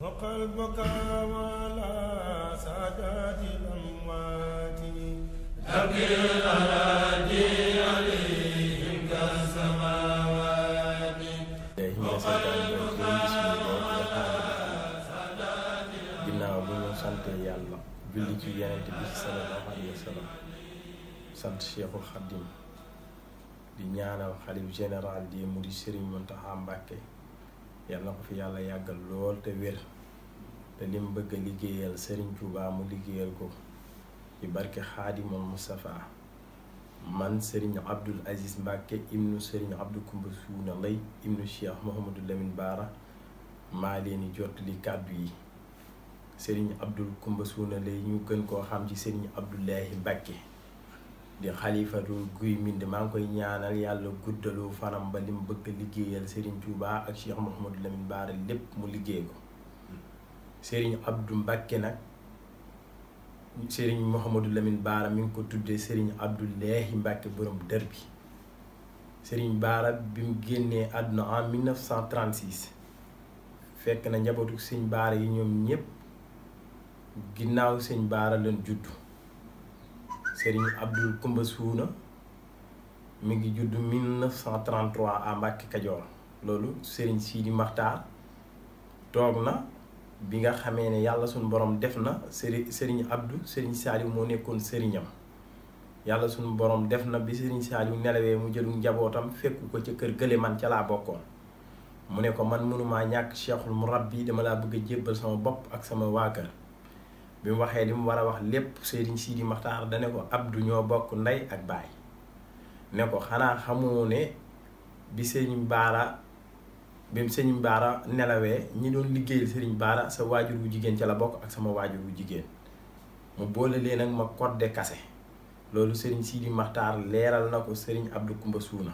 فوق البكاء وعلى سادات الأموات أبقي الأراضي عليهم كالسماوات فوق البكاء وعلى ñu sant yàlla julli ci Yonent bi sallallahu alayhi wa sallam di ñaanal xalif général di Mouride Serigne Mountakha Mbacké yal na ko fi yàlla yàggal lool te wér te lim bëgg a liggéeyal Serigne Touba mu liggéeyal ko ci barke xaadimul Moustapha man Serigne Abdoul Aziz Mbacke ibnu Serigne Abdou Koumba Suuna Lay ibnu Cheikh Mouhamadou Lamine Baara maa leen di jot kàddu yi sëriñ Abdou Koumba Suuna Lay ñu gën koo xam ci Serigne Abdoulahi Mbacke. di xalifatul guy mbind maa ngi koy ñaanal yàlla guddalu fanam ba lim bëgg liggéeyal Serigne Touba ak Cheikh Mouhamadou Lamine Bara lépp mu liggéey ko Serigne Abdou Mbacke nag sëriñ Mouhamadou Lamine Bara mi ngi ko tuddee Serigne Abdoulahi Mbacke borom dër bi Serigne Bara bi mu génnee àdduna en 1936 fekk na njabootu Serigne Bara yi ñoom ñëpp ginnaaw Serigne Bara leen juddu. Serigne Abdou Koumba Suuna mu ngi judd 1933 à Mbacke Kajoor loolu Serigne Sidi Maxtaar toog na bi nga xamee ne yàlla suñu borom def na Serigne Serigne Abdou Serigne Saliou moo nekkoon Serignam yàlla sunu borom def na bi Serigne Saliou nelawee mu jëlu njabootam fekku ko ca kër gële man ca laa bokkoon mu ne ko man mënumaa ñàkk cheikhul murabbi dama laa bëgg a jébbal sama bopp ak sama waa kër bi mu waxee li mu war a wax lépp Serigne Sidi Maxtaar da ne ab Abdou ñoo bokk ndey ak baay ne ko xanaa xamoo ne bi sëñ Baara bi sëñ Baara nelawee ñi doon liggéeyal Serigne Baara sa waajur wu jigéen ca la bokk ak sama waajur wu jigéen mu boole leen ak ma code kase loolu Serigne Sidi Maxtaar leeral na ko sëriñ Abdou Koumba Suuna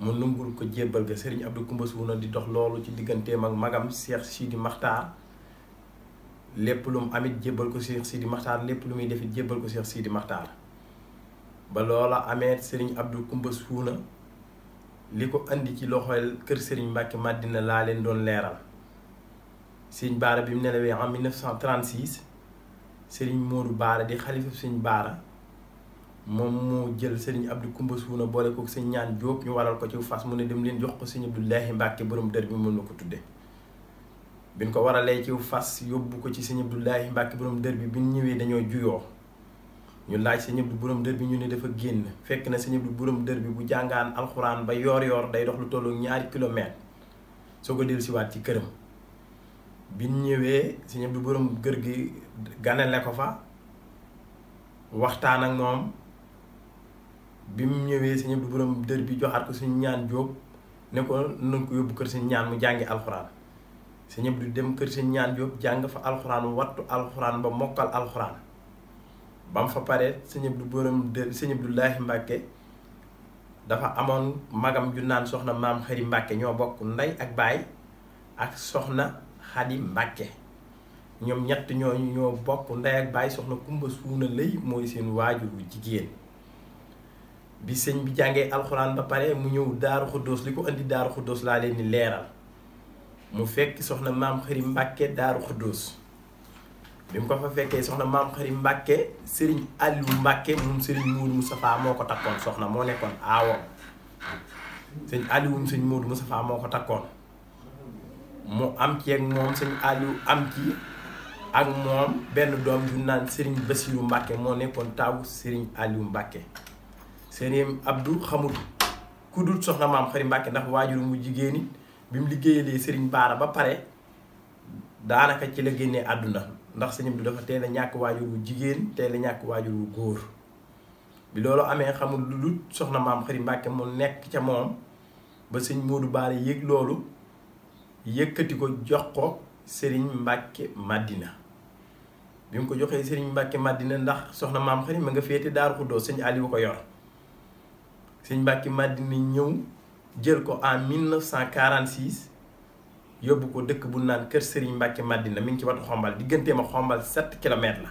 mu nungul ko jébbal ga Serigne Abdou Koumba Suuna di dox loolu ci digganteem ak magam Cheikh Sidi Maxtaar. lépp lu mu amit jébbal ko Cheikh Sidi Maxtaar lépp lu muy defit jébbal ko Cheikh Sidi Maxtaar ba loola amee Serigne Abdou Kumba Suuna li ko indi ci loxo kër Serigne Mbacke Madina laa leen doon leeral Serigne Baara bi mu nelawee en 1936 Serigne Modou Baara di xalifa Serigne Baara moom moo jël Serigne Abdou Kumba Suuna boole ko Serigne ñaan Jóob ñu waral ko ci fas mu ne dem leen jox ko Serigne Abdoulahi mbàkke borom dër bi mën na ko tudde biñ ko waralee ci fas yóbbu ko ci sëñ Abdoulaye Mbacke borom dër bi biñ ñëwee dañoo juyoo ñu laaj sëñ Abdou borom dër bi ñu ne dafa génn fekk na sëñ Abdou borom dër bi bu jàngaan alxuraan ba yoor-yoor day dox lu tollu ñaari kilomètre soo ko dellusiwaat ci këram biñ ñëwee sëñ Abdou borom kër gi ganale ko fa waxtaan ak moom bi mu ñëwee sëñ Abdou borom dër bi joxaat ko suñu ñaan jóob nekkoon ko ko yóbbu kër suñu ñaan mu jàngi alxuraan. sëñ Abdou dem kër sëñ ñaan Jóob jàng fa alxuraan wattu alxuraan ba mokkal alxuraan ba mu fa paree sëñ Abdou borom de sëñ Abdoulahi Mbàkke dafa amoon magam ju naan soxna maam xëri Mbàkke ñoo bokk ndey ak baay ak soxna Xadi Mbàkke ñoom ñett ñooñu ñoo bokk ndey ak baay soxna Kumba Suuna Lay mooy seen waajuru jigéen bi sëñ bi jàngee alxuraan ba pare mu ñëw daaru xuddoos li ko indi daaru xuddoos laa leen di leeral mu fekk soxna maam xëri mbàkke daaru xuddoos bi mu ko fa fekkee soxna maam xëri mbàkke sëriñ Aliou mbàkke moom sëriñ Moodu Moustapha moo ko takkoon soxna moo nekkoon aawoon sëñ sëñ Moodu Moustapha moo ko takkoon mu am ci ak moom sëñ Aliou am ci ak moom benn doom ju naan sëriñ Basiru mbàkke moo nekkoon taawu sëriñ Aliou mbàkke sëriñ Abdou xamul ku dul soxna maam xëri mbàkke ndax waajur mu jigéen bi mu liggéeyalee Serigne Baara ba pare daanaka ci la génnee àdduna ndax sëñ bi dafa teel a ñàkk waajur wu jigéen teel a ñàkk waajur wu góor bi loolu amee xamul lu dul soxna maam Xari Mbàkke nekk ca moom ba sëñ Modou Baara yëg loolu yëkkati jox ko Serigne Mbàkke Madina bi mu ko joxee Serigne Mbàkke Madina ndax soxna maam Xari ma nga féete Daaru Xuddoo sëñ Aliou ko yor sëñ Mbàkke Madina ñëw. jël ko en 1946 yóbbu ko dëkk bu naan Kër Serigne Mbacke Madina mi ngi ci watu xombal digganteem ma xombal 7 kilomètres la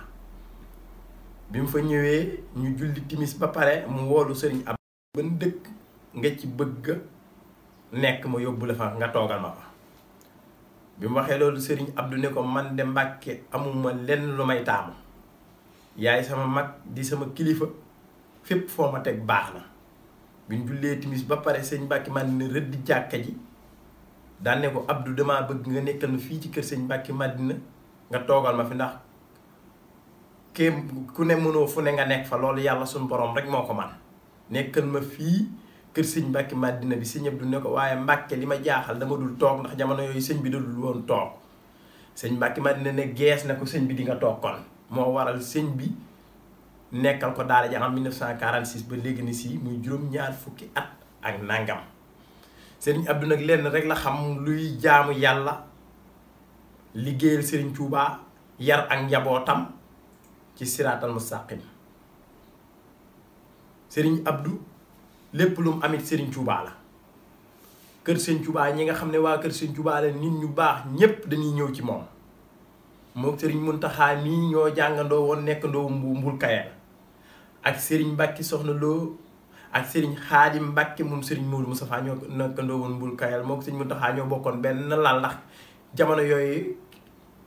bi mu fa ñëwee ñu julli timis ba pare mu woolu Serigne ab bën dëkk nga ci bëgg nekk ma yóbbu la fa nga toogal ma fa bi mu waxee loolu Serigne Abdou ne ko man de Mbacke amuma lenn lu may taamu yaay sama mag di sama kilifa fépp foo ma teg baax na bi ñu jullee timis ba pare sëñ Mbacke Madina rëdd jàkka ji daan ne ko abdu dama bëgg nga nekkal na fii ci kër sëñ Mbacke Madina nga toogal ma fi ndax ke ku ne mënoo fu ne nga nekk fa loolu yàlla suñu borom rek moo ko man nekkal ma fii kër sëñ Mbacke màddina bi sëñ Abdou ne ko waaye Mbacke li ma jaaxal dama dul toog ndax jamono yooyu sëñ bi dadul woon toog sëñ Mbacke Madina ne gees na ko sëñ bi di nga toog kon moo waral sëñ bi nekkal ko daara ja xam 1946 ba léegi ni si muy juróom-ñaar fukki at ak nangam sëriñ Abdou nag lenn rek la xam luy jaamu yàlla liggéeyal sëriñ Touba yar ak njabootam ci siraatal mustaqim sëriñ abdu lépp lu mu amit sëriñ Touba la kër sëriñ Touba ñi nga xam ne waa kër sëriñ Touba la nit ñu baax ñépp dañuy ñëw ci moom moo sëriñ mun taxaa mii ñoo jàngandoo woon nekkandoo Mbul Kayar ak Serigne Mbacke Soxna Lo ak Serigne Xaadim Mbacke moom Serigne Mourou Moustapha ñoo nekkandoo woon Mbul Kayar moom Serigne Mountakha ñoo bokkoon benn lal ndax jamono yooyu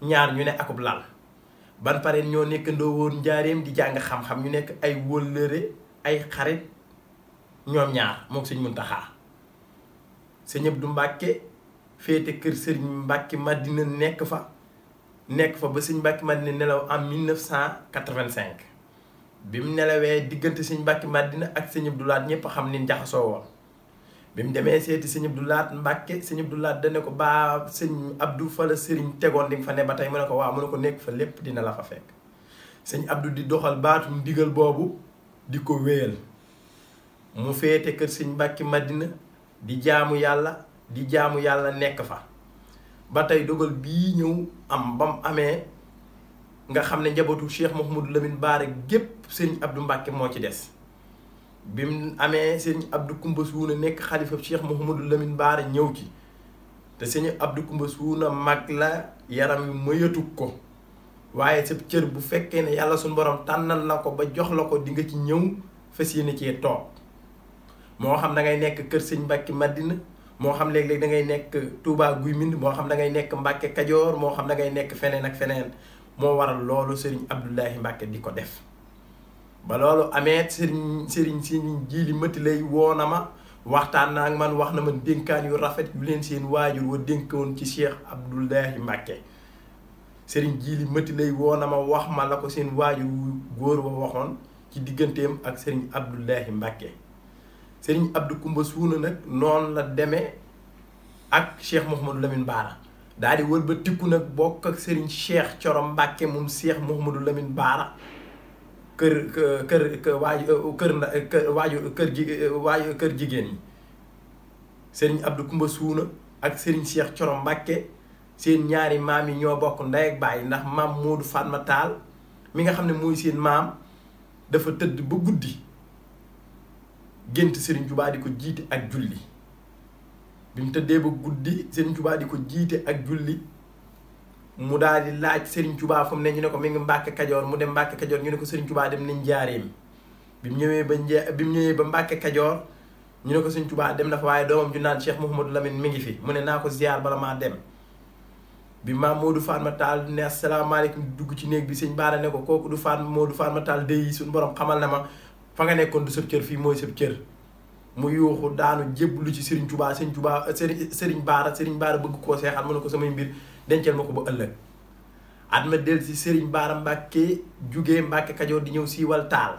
ñaar ñu ne akub lal ñoo nekkandoo woon njaareem di jàng xam-xam ñu nekk ay wëllëre ay xarit ñoom ñaar moom Serigne Mountakha Serigne Abdou Mbacke féete kër Serigne Mbacke nekk fa. nekk fa ba sëñ Mbàkke Madina nelaw en 1985 bi mu nelawee diggante sëñ Mbàkke màddina ak sëñ Abdou Lahad ñëpp xam ni jaxasoo woon bi mu demee seeti sëñ Abdou Lahad Mbàkke sëñ Abdou Lahad da ko baa sëñ Abdou fa la sëriñ tegoon di nga fa ne ba tey mu ko nekk fa lépp dina la fa fekk sëñ Abdou di doxal baatum digal boobu di ko wéyal mu féete kër sëñ Mbàkke Madina di jaamu yàlla di jaamu yàlla nekk fa ba tey dogal bii ñëw am ba mu amee nga xam ne njabootu Cheikh Mouhamadou Lamine Baara gépp sëriñ Abdou Mbacke moo ci des bi mu amee sëriñ Abdou Koumba Suuna nekk xalifa Cheikh Mouhamadou Lamine Baara ñëw ci te sëriñ Abdou Koumba Suuna mag la yaram wi mayatu ko waaye sa cër bu fekkee ne yàlla suñ borom tànnal na ko ba jox la ko di nga ci ñëw fas yéene cee toog moo xam da ngay nekk kër sëñ Mbacke màddina moo xam léeg-léeg da ngay nekk Touba Guy mind moo xam da ngay nekk Mbacke Kajoor moo xam da ngay nekk feneen ak feneen moo waral loolu sëriñ Abdoulahi Mbacke di ko def ba loolu amee Serigne sëriñ Serigne Jili Mati lay woo na ma waxtaan naa man wax na ma dénkaan yu rafet leen seen waajur wa dénkoon ci Cheikh Abdoulahi Mbacke Serigne Jili Mati lay woo na ma wax ma la ko seen waajur góor wa waxoon ci digganteem ak Serigne Abdoulahi Mbacke. Serigne Abdou Koumba Suuna nag noonu la deme ak Cheikh Mouhamadou Lamine Baara daal di wër ba tikku nag bokk ak Serigne Cheikh corom Mbàkke moom Cheikh Mouhamadou Lamine Baara kër kër kër waaju kër jigéen ñi Serigne Abdou Suuna ak Serigne Cheikh Coro Mbàkke seen ñaari maam yi ñoo bokk ndey ak baay ndax maam Modou Fatma Tall mi nga xam ne mooy seen maam dafa tëdd ba guddi. gént sëriñ Touba di ko jiite ak julli bi mu tëddee ba guddi Serigne Touba di ko jiite ak julli mu daal di laaj Serigne Touba fu mu ne ñu ne ko mi ngi Mbàkke Kajoor mu dem Mbàkke Kajoor ñu ne ko Serigne Touba dem nañ njaareem bi mu ba bi mu ba Mbàkke Kajoor ñu ne ko Serigne dem na fa waaye doomam ju naan Cheikh Mouhamadou la mi ngi fi mu ne naa ko ziar bala maa dem. bi maam Modou Fatma Tall ne asalaamaaleykum dugg ci néeg bi sëñ Baara ne ko kooku du Fatma Modou Fatma Tall dey suñu borom xamal na ma. fa nga nekkoon du sëb cër fii mooy sëb cër mu yuuxu daanu lu ci Serigne Touba Serigne Touba euh, Serigne Serigne Baara sëriñ Baara bëgg koo seexal mu ne ko samay mbir dencal ma ko ba ëllëg at ma del si Serigne Baara Mbàkke jóge Mbàkke Kajoor di ñëw siiwal taal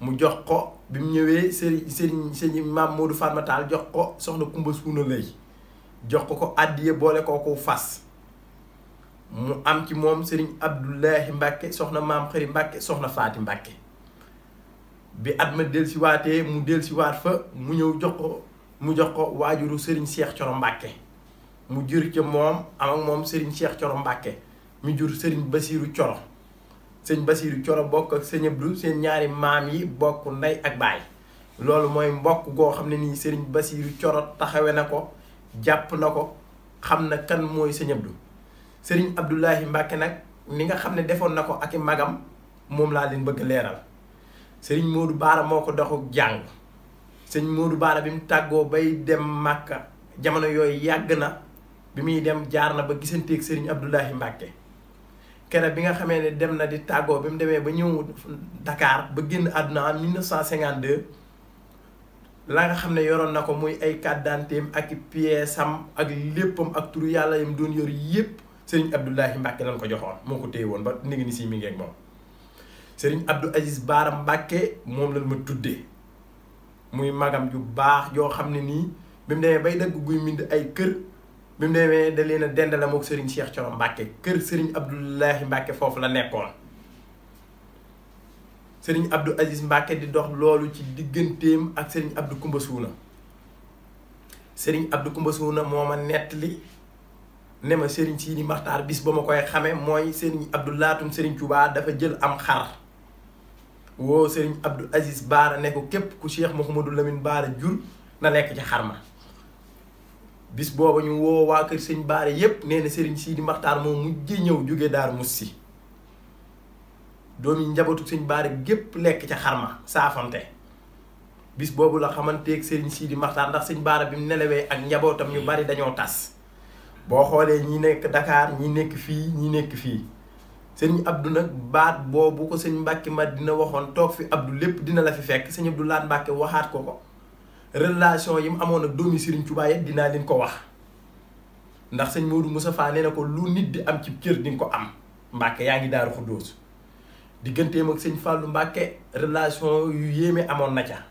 mu jox ko bi mu ñëwee Serigne Serigne Serigne maam Modou Fatma Taal jox ko soxna Kumba Suuna lay jox ko ko àddiye boole koo ko fas mu am ci moom sëriñ Abdoulahi Mbàkke soxna maam Xëri Mbàkke soxna Faati Mbàkke bi at ma dellusiwaatee mu dellusiwaat fa mu ñëw jox ko mu jox ko waajuru Serigne Cheikh Coro Mbacke mu jur ca moom am ak moom Serigne Cheikh Coro Mbacke mu jur Serigne basiiru Coro sëñ Basirou Coro bokk ak sëñ ñaari maam yi bokk ndey ak baay loolu mooy mbokk goo xam ne nii Serigne Basirou Coro taxawe na ko jàpp na ko xam na kan mooy sëñ Abdou Serigne Abdoulahi Mbacke nag ni nga xam ne defoon na ko ak i magam moom laa leen bëgg leeral. sëriñ Modou Baara moo ko doxuk jàng sëriñ Modou Baara bi mu tàggoo bay dem Màkka jamono yooyu yàgg na bi muy dem jaar na ba gisanteeg sëriñ Abdoulahi Mbàkke kere bi nga xamee ne dem na di tàggoo bi mu demee ba ñëw Dakar ba génn àdduna en 1952 la nga xam ne yoroon na ko muy ay carte d'identité ak pièce am ak léppam ak turu yàlla yam doon yor yépp sëriñ Abdoulahi Mbàkke lañ ko joxoon moo ko téye woon ba ndigi ni si mi moom Serigne Abdou Aziz Baara Mbàkke moom lañ ma tudde muy magam ju baax yoo xam ne nii bi mu demee bay dagg guy mind ay kër bi mu demee da leen a dendale mook Serigne Cheikh Thioro Mbàkke kër Serigne Abdoulahi Mbàkke foofu la nekkoon Serigne Abdou Aziz Mbàkke di dox loolu ci digganteem ak Serigne Abdou Kumba Suuna Serigne Abdou Kumba Suuna moo ma nettali ne ma Serigne Sidi Maxtaar bis ba ma koy xame mooy Serigne Abdou Laatoum Serigne Touba dafa jël am xar woo sëriñ Abdou Aziz Baara ne ko képp ku Cheikh Mouhamadou Lamine Baara jur na nekk ci xarma bis booba ñu woo waa kër sëñ Baara yépp nee na sëriñ Sidi Maxtaar moo mujj ñëw jóge daar mus si doomi njabootu sëñ Baara gépp lekk ca xarma saafante bis boobu la xamanteeg sëriñ Sidi Maxtaar ndax sëñ Baara bi mu nelawee ak njabootam ñu bari dañoo tas boo xoolee ñi nekk Dakar ñi nekk fii ñi nekk fii sëñ Abdou nag baat boobu ko sëñ Mbàkke dina waxoon toog fi Abdou lépp dina la fi fekk sëñ Abdou laat Mbàkke waxaat ko ko relation yi mu amoon ak doomi Sëriñ Tuubaa dinaa leen ko wax ndax sëñ Modou Moustapha na ko lu nit di am ci cër di ko am Mbàkke yaa ngi daaru Xuddoos digganteem ak sëñ Fallou Mbàkke relation yu yéeme amoon na ca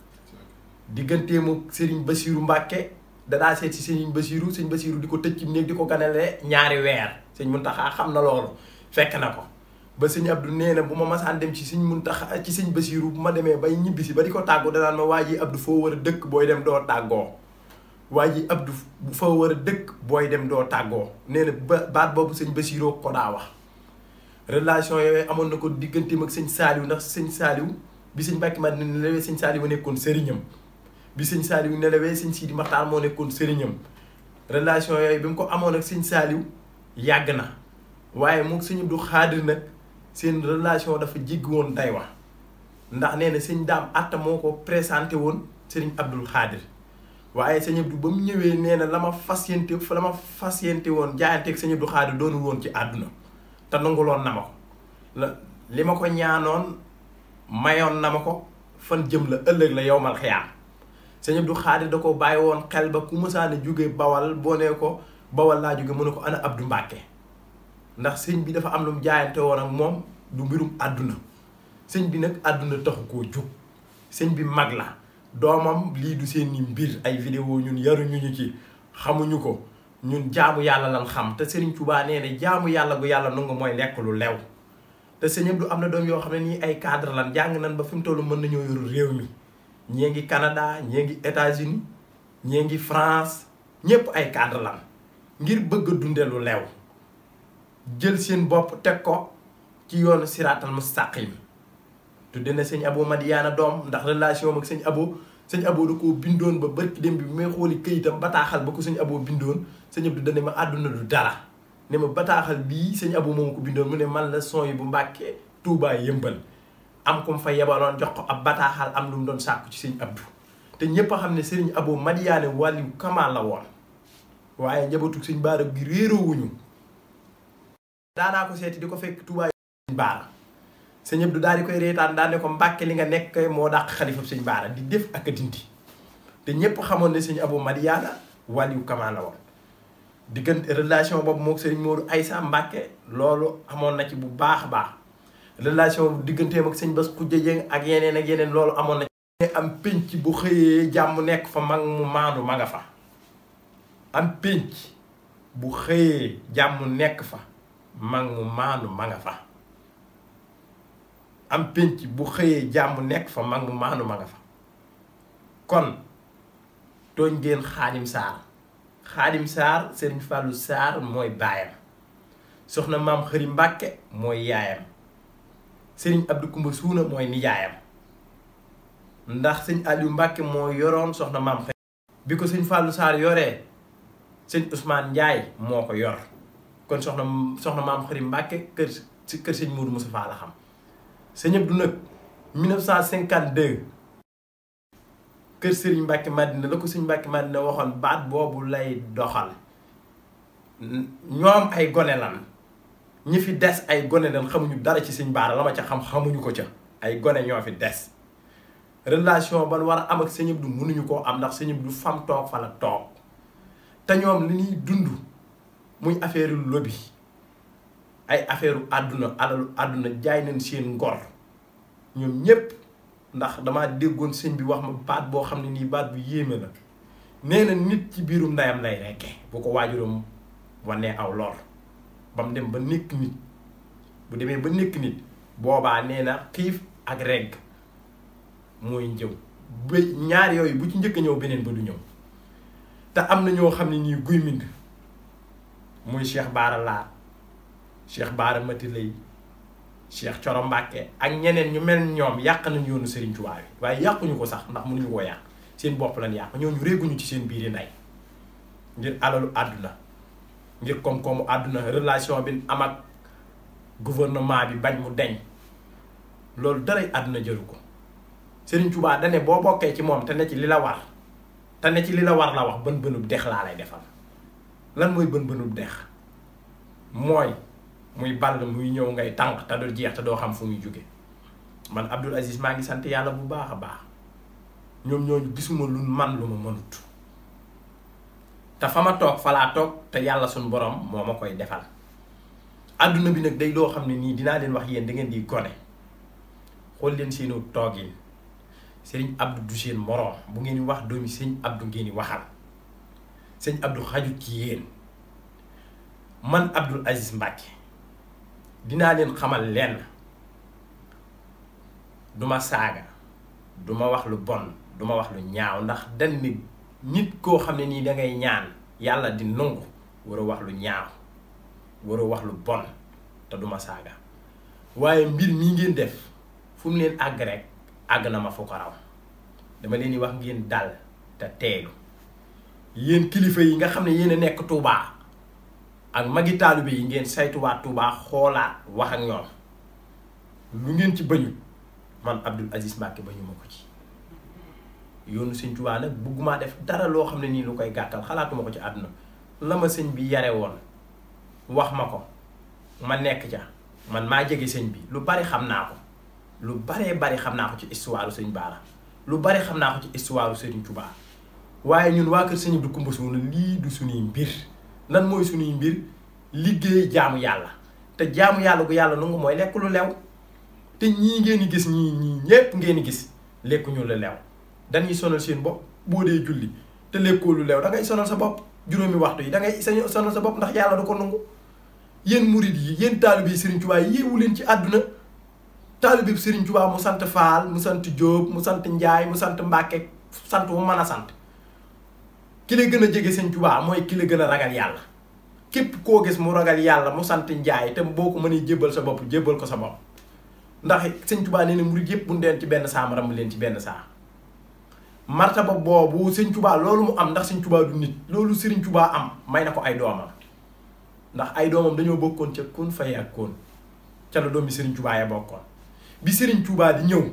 digganteem ak sëriñ Basiiru Mbàkke dadaa seet si sëriñ Basiiru sëñ Basiiru di ko tëj ci néeg di ko ganalee ñaari weer sëñ Muntaxa xam na loolu fekk na ko ba sëñ Abdou nee na bu ma masaan dem ci mun tax ci sëñ Basiiru bu ma demee bay ñibbisi ba di ko tàggu danaan ma waa ji Abdou foo war a dëkk booy dem doo tàggoo waa ji Abdou foo war a dëkk booy dem doo tàggoo nee na ba baat boobu sëñ Basiiroo ko daa wax relation yooyu amoon na ko digganteem ak sëñ Saaliw ndax sëñ Saaliw bi sëñ Mbàkke Madina nelawee sëñ Saaliw nekkoon sëriñam bi sëñ Saaliw nelawee sëñ Sidi Maxtaar moo nekkoon sëriñam relation yooyu bi mu ko amoon ak sëñ Saaliw yàgg na waaye moom sëñ du Khadre nag seen relation dafa jéggi woon day wax ndax nee na sëñ daam atta moo ko présenté woon sëriñ Abdou Khadre waaye sëñ Abdou ba mu ñëwee nee na la ma fas yéente fa la ma fas yéente woon jaayanteeg sëñ Abdou Khadre doonu woon ci àdduna te nanguloon na ma ko la li ma ko ñaanoon mayoon na ma ko fan jëm la ëllëg la yowmal xiyaam sëñ du Khadre da ko bàyyi woon xel ba ku mësaane jóge bawal boo nee ko bawal laa jóge mu ne ko ana Abdou Mbàkke ndax sëñ bi dafa am lu mu jaayante woon ak moom du mbirum àdduna sëñ bi nag àdduna taxu ko jóg sëñ bi mag la doomam lii du seen i mbir ay vidéo ñun yaruñu ñu ci xamuñu ko ñun jaamu yàlla lan xam te Serigne Touba nee na jaamu yàlla gu yàlla nangu mooy lekk lu lew te sëñ Abdou am na doom yoo xam ne nii ay cadre lan jàng nan ba fi mu toll mën nañoo yoru réew mi ñee ngi Canada ñee ngi États-Unis ñee ngi France ñëpp ay cadre lan ngir bëgg a dunde lu lew jël seen bopp teg ko ci yoonu siraatal mustaqim tudde na sëñ Abo Madiyaana doom ndax relation ak sëñ Abo sëñ Abo da koo bindoon ba barki dem bi may xooli këyitam bataaxal ba ko sëñ Abo bindoon sëñ Abdou dane ma àdduna du dara ne ma bataaxal bii sëñ abu moom ko bindoon mu ne man la son bu mbàkkee Touba yëmbal am ku mu fa yebaloon jox ko ab bataaxal am lu mu doon sàkku ci sëñ Abdou te ñëpp xam ne sëriñ abu Madiyaane wàllu kamal la woon waaye njabootu gi réeroo daanaa ko seeti di ko fekk Touba sëñ baara sëñ Abdou daal di koy reetaan daal ko mbàkke li nga nekk moo dàq xalifab sëñ baara di def ak a dindi te ñépp xamoon ne sëñ Abou Madiana wàlliyu kamaa la diggante relation boobu moo moog sëriñ ay Aïssa Mbàkke loolu amoon na ci bu baax a baax relation digganteem ak sëñ Bass Khoudia Dieng ak yeneen ak yeneen loolu amoon na ci am pénc bu xëyee jàmm nekk fa mag mu maandu ma nga fa am pénc bu xëyee jàmm nekk fa mag mu maandu ma nga fa am pénc bu xëyee jàmm nekk fa mag mu maandu ma nga fa kon tooñ ngeen xaadim saar xaadim saar sëriñ fàllu saar mooy baayam soxna maam xëri mbàkke mooy yaayam sëriñ abdu kumba suuna mooy nijaayam ndax sëñ aliou mbàkke moo yoroon soxna maam xëri bi ko sëñ fàllu saar yore sëñ usmaan njaay moo ko yor kon soxna soxna maam Xari Mbàkke kër si kër sëñ Mourou Moustapha la xam sëñ Abdou nag 1952 kër sëriñ Mbàkke Madina la ko sëñ Mbàkke Madina waxoon baat boobu lay doxal ñoom ay gone lan ñi fi des ay gone lan xamuñu dara ci sëñ Baara la ma ca xam xamuñu ko ca ay gone ñoo fi des relation ban war a am ak sëñ Abdou mënuñu koo am ndax sëñ Abdou fam toog fa la toog te ñoom li ñuy dund muy affaire lobby ay affaire àdduna alalu àdduna jaay nañ seen ngor ñoom ñépp ndax damaa déggoon sëñ bi wax ma baat boo xam ne nii baat bu yéeme la nee na nit ci biirum ndeyam lay rekke bu ko waajuram wanee aw lor ba dem ba nekk nit bu demee ba nekk nit boobaa nee na xiif ak regg mooy njëw ba ñaar yooyu bu ci njëkk a ñëw beneen ba du ñëw te am na ñoo xam ne nii guy mind muy Cheikh Baara Laar Cheikh Baara Mati Lay Cheikh Coro Mbàkke ak ñeneen ñu mel ñoom yàq nañ yoonu Serigne Touba bi waaye yàquñu ko sax ndax mënuñu koo yàq seen bopp lañ yàq ñooñu réeguñu ci seen biiri ndey ngir alalu àdduna ngir koom-koomu àdduna relation bi am ak gouvernement bi bañ mu deñ loolu daray àdduna jëru ko Serigne Touba dane boo bokkee ci moom te ne ci li la war te ne ci li la war la wax bën bënu dex laa lay defal lan mooy bën bënub dex mooy muy ball muy ñëw ngay tànq te du jeex te doo xam fu muy jóge man Abdoul Aziz maa ngi sant yàlla bu baax a baax ñoom ñoo gisuma lu man lu ma mënut te fa ma toog fa laa te yàlla suñu borom moo ma koy defal àdduna bi nag day loo xam ne nii dinaa leen wax yéen da ngeen di gone xool leen seenu toogin sëriñ Abdou du seen moroom bu ngeen di wax doomi sëriñ Abdou ngeen di waxal sëñ Abdou xajut ci yéen man Abdoul Aziz Mbacke dinaa leen xamal lenn duma saaga duma wax lu bon duma wax lu ñaaw ndax dañ nit koo xam ne nii dangay ñaan yàlla di nangu war a wax lu ñaaw war wax lu bon te duma saaga waaye mbir mi ngeen def fu mu leen àgg rek àgg na ma fu ko raw dama leen di wax ngeen dal te teelu yéen kilifa yi nga xam ne yéen a nekk Touba ak magi taalibe yi ngeen saytuwaat Touba xoolaat wax ak ñoom lu ngeen ci bañu man Abdoul Aziz Mbacké bañu ma ko ci yoonu sëñ Touba nag bëggumaa def dara loo xam ne nii lu koy gàttal xalaatuma ko ci àdduna la ma sëñ bi yare woon wax ma ko ma nekk ca man maa jege sëñ bi lu bari xam naa ko lu baree bari xam naa ko ci histoire sëñ Baara lu bari xam naa ko ci histoire sëñ Touba waaye ñun waa kër sëñ bi kumba suuna lii du suñuy mbir lan mooy suñuy mbir liggéey jaamu yàlla te jaamu yàlla gu yàlla nangu mooy lekk lu lew te ñii ngeen di gis ñii ñii ñépp ngeen di lekk lekkuñu lu lew dañuy sonal seen bopp boo dee julli te lekkoo lu lew da ngay sonal sa bopp juróomi waxtu yi da ngay sonal sa bopp ndax yàlla du ko nangu yéen murid yi yéen taalibe yi Serigne Touba yi yéewu leen ci àdduna taalibe Serigne Touba mu sant Faal mu sant Jóob mu sant Njaay mu sant Mbàkke sant wu sant ki gën a jege sëñ Tuubaa mooy ki gën a ragal yàlla képp koo gis mu ragal yàlla mu sant njaay te boo ko mënee jébbal sa bopp jébbal ko sa bopp ndax sëñ Tuubaa nee na murid yëpp bu ñu leen ci benn saa mu leen ci benn saa martaba boobu sëñ Tuubaa loolu mu am ndax sëñ Tuubaa du loolu sëriñ am may na ko ay doomam ndax ay doomam dañoo bokkoon ca kun fay ca la doom bi sëriñ Tuubaa ya bokkoon bi sëriñ Tuubaa di ñëw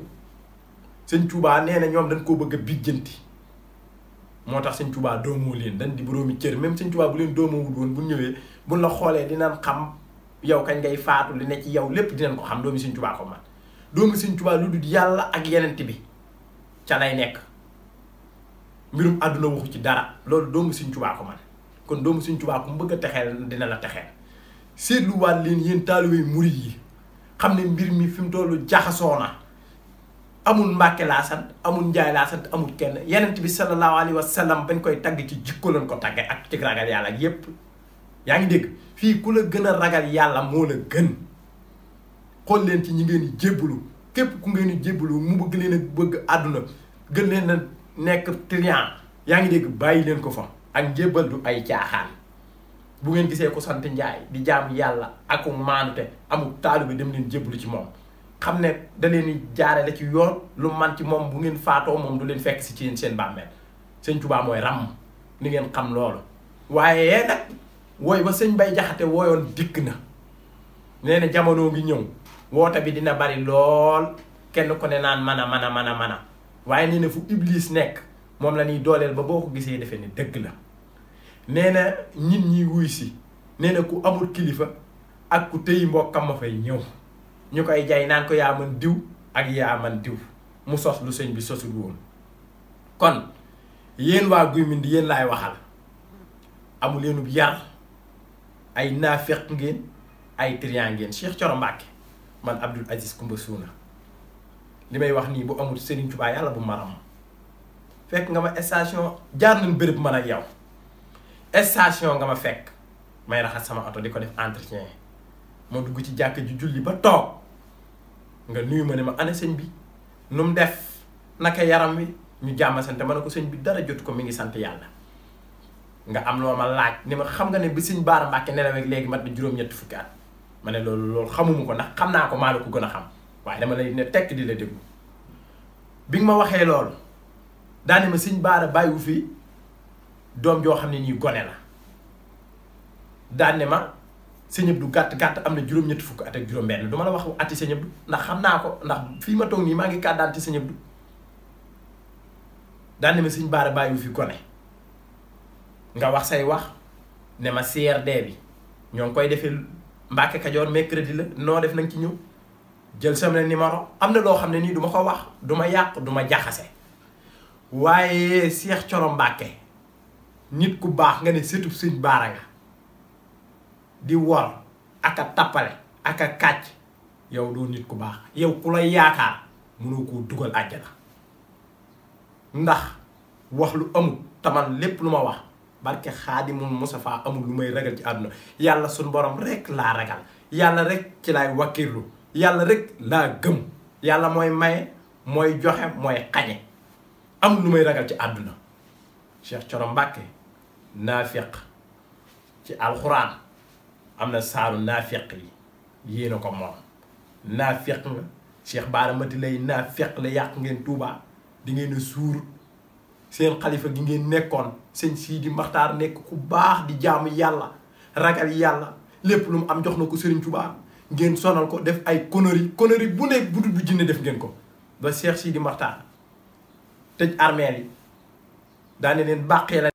sëñ Tuubaa nee na ñoom dañ koo bëgg a bijjanti moo tax sëñ Tuubaa doomoo leen dañ di boroomi cër même sëñ Tuubaa bu leen doomoowul woon bu ñëwee bu la xoolee dinañ xam yow kañ ngay faatu li ne ci yow lépp dinañ ko xam doomi sëñ Tuubaa ko man doomi sëñ Tuubaa yàlla ak yenent bi ca nekk mbirum àdduna waxu ci dara loolu doomu sëñ Tuubaa ko man kon doomu sëñ Tuubaa ku mu bëgg a texeel dina la texeel seetluwaat leen yéen taalibe murid yi xam ne mbir mi fi mu toll jaxasoo na amul Mbàkke laa sa amul Njaay laa sant amul kenn yenent bi sallallahu alayhi wa sallam bañ koy tagg ci jikko lañ ko tagge ak ci ragal yàlla ak yépp yaa ngi dégg fii ku la gën a ragal yàlla moo la gën xool leen ci ñu ngeen di képp ku ngeen di jébbalu mu bëgg leen a bëgg àdduna gën leen a nekk triant yaa ngi dégg bàyyi leen ko fa ak njébbal du ay caaxaan bu ngeen gisee ko sant Njaay di jaamu yàlla aku maanute amul taalu bi dem leen jébbalu ci moom xam ne da leen di ci yoon lu man ci moom bu ngeen faatoo moom du leen fekk si ci yéen seen bàmmeel sëñ Tuubaa mooy ràmm ni ngeen xam loolu waaye nag ba sëñ bay jaxate wooyoon dikk na nee na jamono ngi ñëw woote bi dina bari lool kenn ko ne naan a man a man a man a waaye nee na fu iblis nekk moom la ñuy dooleel ba boo ko gisee defe ni dëgg la nee na nit ñi wuy si nee na ku amul kilifa ak ku tëyi mbokkam ma fay ñëw ñu koy jay naan ko yaa man diw ak yaa man diw mu sos lu seen bi sosul woon kon yéen waa Guy Mbind yéen laay waxal amu leenub yar ay naafeq ngeen ay trian ngeen Cheikh Thioro Mbacke man Abdoul Aziz Koumba Suuna li may wax nii bu amul Serigne Touba yàlla bu maram fekk nga ma station jaar nañ béréb man ak yow station nga ma fekk may raxas sama oto di ko def entretien moo dugg ci jàkk ju julli ba toog nga nuyu ma ne ma ana sëñ bi nu mu def naka yaram wi ñu jàmm sant ma ne ko sëñ bi dara jot ko mi ngi sant yàlla nga am loo ma laaj ni ma xam nga ne bi sëñ Baara Mbàkke nelawee léegi mat na juróom-ñetti fukki at ma ne loolu loolu xamuma ko ndax xam naa ko maa la ko gën a xam waaye dama lay ne tekk di la déglu bi nga ma waxee loolu daane ma sëñ Baara bàyyiwu fi doom joo xam ne nii gone la daane ma Sëñ Abdou gàtt gàtt am na juróom-ñetti fukk at ak juróom-benn du ma la wax ati Sëñ Abdou ndax xam naa ko ndax fii ma toog nii maa ngi kàddaan ci Sëñ Abdou daan na ma sëñ Baara bàyyiwu fi gone nga wax say wax ne ma CRD bi ñoo ngi koy defee Mbàkke Kajoor mercredi la noo def nañ ci ñëw jël sama numéro am na loo xam ne nii duma ko wax du yàq duma jaxase waaye Cheikh Coro Mbàkke nit ku baax nga ne sëtub sëñ Baara nga. di wor aka a tappale kàcc yow doo nit ku baax yow ku la yaakaar mënoo koo dugal àjjana ndax wax lu amul taman lépp lu ma wax barke xaadimul Mustafaa amul lu may ragal ci àdduna yàlla suñ borom rekk laa ragal yàlla rek ci laay wakkirlu yàlla rek laa gëm yàlla mooy maye mooy joxe mooy xañe am lu may ragal ci àdduna Cheikh Coro Mbàkke naafiq ci alxuraan am na saaru naafeq yi yéen a ko moom naafeq nga Cheikh Bara Mati lay naafeq la yàq ngeen Touba di ngeen suur seen xalifa gi ngeen nekkoon seen di Maxtaar nekk ku baax di jàmm yàlla ragal yàlla lépp lu mu am jox na ko Serigne Touba ngeen sonal ko def ay conneries conneries bu nekk bu bu jinne def ngeen ko ba Cheikh Sidi Maxtaar tëj armeel yi daane leen bàqee la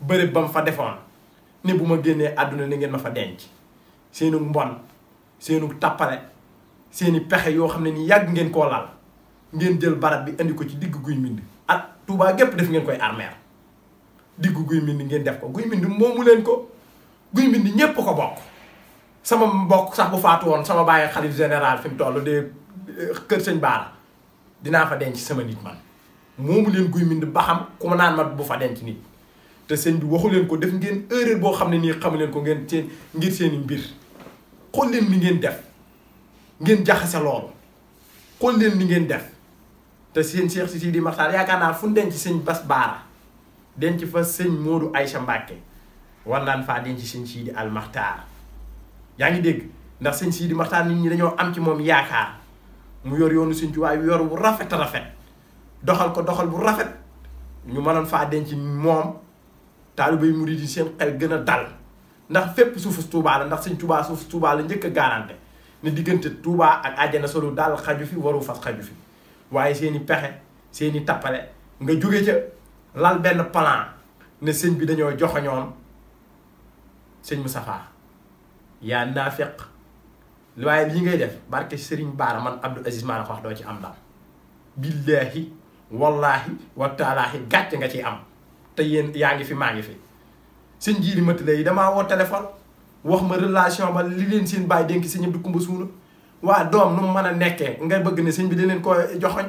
bërëb ba mu fa defoon ne bu ma génnee àdduna ni ngeen ma fa denc seenu mbon seenu tappale seeni pexe yoo xam ne ni yàgg ngeen koo laal ngeen jël barab bi indi ko ci digg guy mbind ak Touba gépp def ngeen koy armeer diggu guy mbind ngeen def ko guy mbind moomu leen ko guy mbind ñépp ko bokk sama mbokk sax bu faatu woon sama bàyyi xalif général fi mu toll de eh, kër sëñ baara dinaa fa denc sama nit man moomu leen guy mbind ba xam ku ma naan ma bu fa denc nit te sëñ bi waxu leen ko def ngeen erreur boo xam ne nii xamu leen ko ngeen seen ngir seeni mbir xool leen li ngeen def ngeen jaxase loolu xool leen mi ngeen def te seen Cheikh Sidi Maxtaar yaakaar naa fu denc sëñ Bas Baara denc fa sëñ Modou Aïcha Mbacke war naan faa denc sëñ Sidi Al Maxtaar yaa ngi dégg ndax sëñ di Maxtaar nit ñi dañoo am ci moom yaakaar mu yor yoonu sëñ Tuubaa yor bu rafet rafet doxal ko doxal bu rafet ñu mënoon faa denc moom taalibe murid yi seen xel gën a dal. ndax fépp suufu tuubaa la ndax sëñ Touba suuf tuubaa la njëkk a garanté ne diggante Touba ak àjjana solu daal xaju fi waru fas xaju fi waaye seeni pexe seeni tappale nga jóge ca lal benn plan ne sëñ bi dañoo joxoñoon sëñ Moustapha yaa naafiq waaye lii ngay def barke Serigne Baara man Abdou Aziz maa la ko wax doo ci am na billaahi wallaahi wa taalaahi gàcce nga ciy am te yéen yaa ngi fi maa ngi fi seen jiiri matile yi damaa woo téléphone wax ma relation ba li leen seen bàyyi dénk si ñëpp di kumba suuna waa doom nu mu mën a nekkee nga bëgg ne sëñ bi di leen ko joxoñ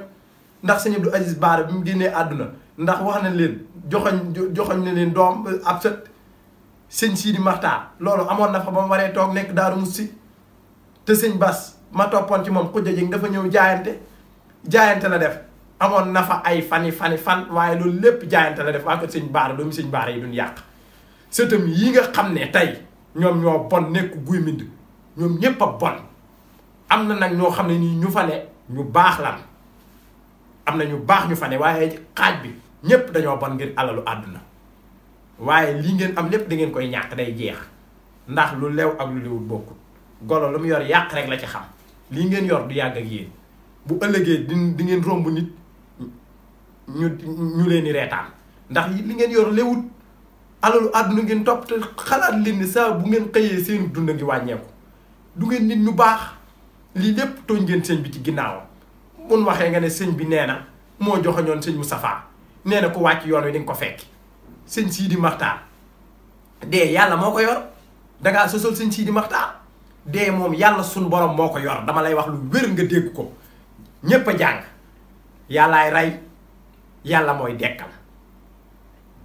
ndax sëñ Abdou Aziz Baara bi mu génnee àdduna ndax wax nañ leen joxoñ joxoñ na leen doom ab sët sëñ Sidi Maxtaar loolu amoon na fa ba mu waree toog nekk Daaru Musti te sëñ Bas ma toppoon ci moom xujja jég dafa ñëw jaayante jaayante la def amoon na fa ay fani fani fan waaye loolu lépp jaayante la def waa ko sëñ Baara sëñ Baara yi duñ yàq sëtam yi nga xam ne tey ñoom ñoo bon nekk guy mind ñoom ñépp a bon am na nag ñoo xam ne nii ñu fa ne ñu baax lan am na ñu baax ñu fa ne waaye xaaj bi ñépp dañoo bon ngir alalu àdduna waaye li ngeen am lépp da ngeen koy ñàkk day jeex ndax lu lew ak lu lewul bokkut golo lu mu yor yàq rek la ci xam lii ngeen yor du yàgg ak yéen bu ëllëgee di di ngeen romb nit ñu ñu leen di reetaan ndax li ngeen yor lewut alalu àdduna ngeen topp te xalaat leen ni saa bu ngeen xëyee seen dund ngi wàññeeku du ngeen nit ñu baax lii lépp tooñ ngeen sëñ bi ci ginnaawam mun waxee nga ne sëñ bi nee na moo joxoñoon sëñ Moustapha nee na ku wàcc yoon wi di ko fekk sëñ Sidi Maxtaar dee yàlla moo ko yor dangaa sosol sëñ Sidi Maxtaar dee moom yàlla suñ borom moo ko yor dama lay wax lu wér nga dégg ko ñépp a jàng yàllaay rey yàlla mooy dekkal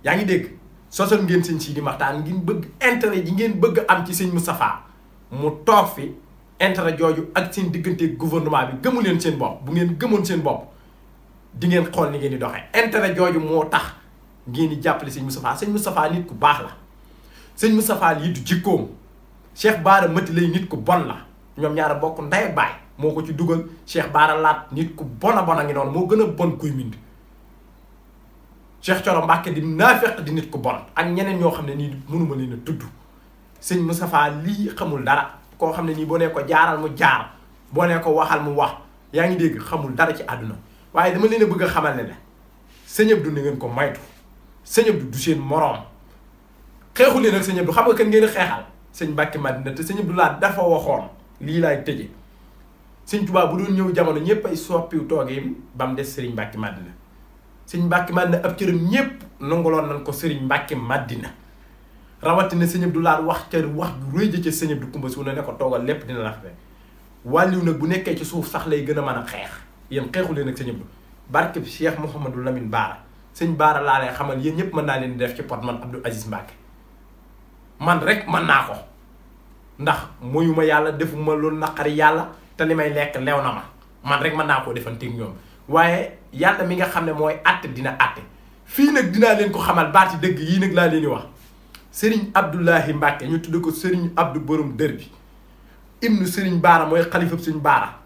yaa ngi dégg sosal ngeen sëñ Sidi maxtaan ngeen bëgg intérêt ji ngeen bëgg am ci sëñ Moustapha mu toog fi intérêt jooju ak seen diggante gouvernement bi gëmu leen seen bopp bu ngeen gëmoon seen bopp di ngeen xool ni ngeen di doxee intérêt jooju moo tax ngeen di jàppale sëñ Moustapha sëñ Moustapha nit ku baax la sëñ Moustapha lii du jikkoom Cheikh Baara matt lay nit ku bon la ñoom ñaari bokk ndey baay moo ko ci dugal Cheikh Baara Laat nit ku bon a bon a ngi noonu moo gën a bon kuy mind Cheikh Thioro Mbacke di naafeq di nit ko bon ak ñeneen ñoo xam ne nii mënuma leen a tudd sëñ Moustapha lii xamul dara koo xam ne nii boo nee ko jaaral mu jaar boo nee ko waxal mu wax yaa ngi dégg xamul dara ci àdduna waaye dama leen a bëgg a xamal ne sëñ Abdou na ko moytu sëñ Abdou seen moroom xeexu leen ak sëñ Abdou xam nga kan ngeen xeexal sëñ Mbacke Madina te sëñ Abdou laa lii laay tëje sëñ Tuubaa bu doon ñëw jamono ñëpp ay soppiw toogeem ba mu des sëriñ Mbacke Madina sëñ Mbacke Madina ab cëram ñépp nangaloon nañ ko sëriñ Mbacke Madina rawatina sëñ du Lahad wax ca wax bu rëy ja ca sëñ Abdou Koumba Suuna ne ko toogal lépp dina la fekk wàlliw nag bu nekkee ci suuf sax lay gën a mën a xeex yéen xeexu leen ak sëñ Abdou barke bi Cheikh Mouhamadou lamin Baara sëñ Baara laa lay xamal yéen ñëpp mën naa leen def ci pot man Abdou Aziz Mbacke man rek mën naa ko ndax moyuma yàlla defuma lu naqari yàlla te li may lekk lew na ma man rek mën naa koo defanteeg ñoom waaye yàlla mi nga xam ne mooy àtte dina àtte fii nag dinaa leen ko xamal baati dëgg yii nag laa leen di wax sëriñ Abdoulahi Mbacke ñu tudd ko sëriñ Abdou borom dër bi ibnu Serigne Baara mooy xalifab Serigne Baara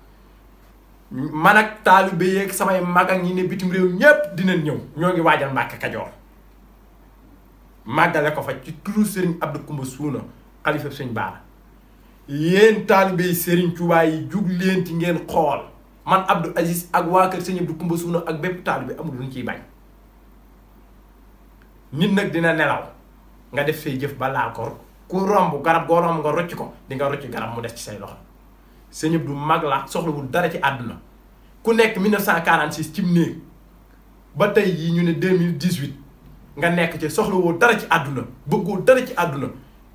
man ak taalibe yeeg samay mag ak ñi ne bitim réew ñépp dinañ ñëw ñoo ngi waajal Mbacke Kajoor màggale ko fa ci turu sëriñ Abdou Koumba Suuna xalifab Serigne Baara yéen taalibe yi Serigne Touba yi jug leen ci ngeen xool. man Abdou Aziz ak waa kër sëñ Abdou Kumba Suuna ak bépp taal bi amul lu ñu ciy bañ nit nag dina nelaw nga def say jëf ba laa ko ku romb garab goo romb nga rocc ko di nga rocc garab mu des ci say loxo sëñ Abdou mag la soxlawul dara ci àdduna ku nekk 1946 cim néeg ba tey yi ñu ne 2018 nga nekk ci soxlawoo dara ci àdduna bëggoo dara ci àdduna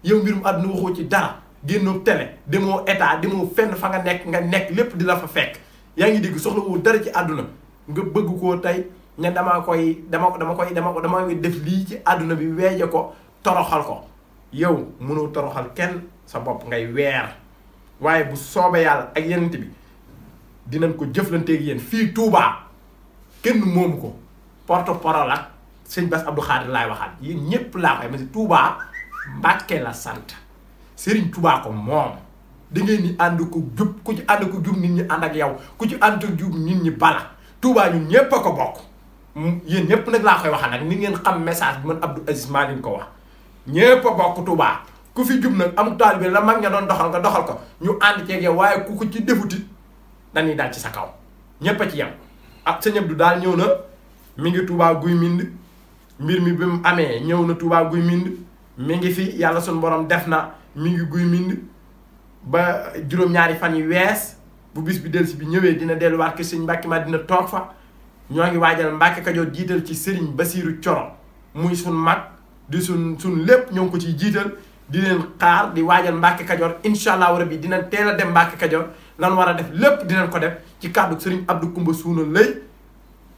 yow mbirum àdduna waxoo ci dara génnoo télé demoo état demoo fenn fa nga nekk nga nekk lépp di la fa fekk. yaa ngi dégg soxlawul dara ci àdduna nga bëgg koo tey ne damaa koy dama dama koy dama ko dama def lii ci àdduna bi weeje ko toroxal ko yow mënoo toroxal kenn sa bopp ngay weer waaye bu soobee yàlla ak yenent bi dinañ ko jëflanteeg yéen fii Touba kenn moom ko porte parole ak sëñ Bass Abdou Khadir laay waxaat yéen ñëpp laa koy ma si Touba Mbàkke la sant Serigne Touba ko moom da ngeen ànd ko jub ku ci ànd ko jub nit ñi ànd ak yow ku ci ànd ko jub nit ñi bala Touba ñun ñëpp a ko bokk mm, yéen ñëpp nag laa koy waxal nag ni ngeen xam message bi man Abdou Aziz maa leen ko wax ñëpp a bokk Touba ku fi jub nag am taal bi la mag nga doon doxal nga doxal ko ñu ànd ceeg yow waaye ku ko ci defuti dañuy daal ci sa kaw ñëpp a ci yem. ah sëñ Abdou daal ñëw na mi ngi Touba guy mind mbir mi bi mu amee ñëw na tubaa guy mind mi ngi fi yàlla suñu borom def na mi guy mind. ba juróom-ñaari fan yi wees bu bis bi si bi ñëwee dina delluwaat kër sëñ Mbàkke Madina toog fa ñoo ngi waajal Mbàkke Kajoor jiital ci Sëriñ Basiiru Coro muy suñ mag di suñ suñ lépp ñoo ngi ko ciy jiital di leen xaar di waajal Mbàkke Kajoor incha allah rabbi dinañ teel a dem Mbàkke Kajoor lan war a def lépp dinañ ko def ci kàddu Sëriñ Abdou Kumba Suuna Lay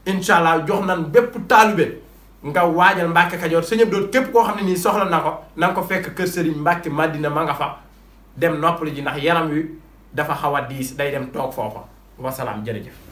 incha allah jox nan bépp taalibe nga waajal Mbàkke Kajoor sëñ Abdou képp koo xam ne nii soxla na ko na ko fekk kër Sëriñ Mbàkke Madina ma nga fa dem noppalu ji ndax yaram wi dafa xaw a diis day dem toog foofa wasalaam jërëjëf.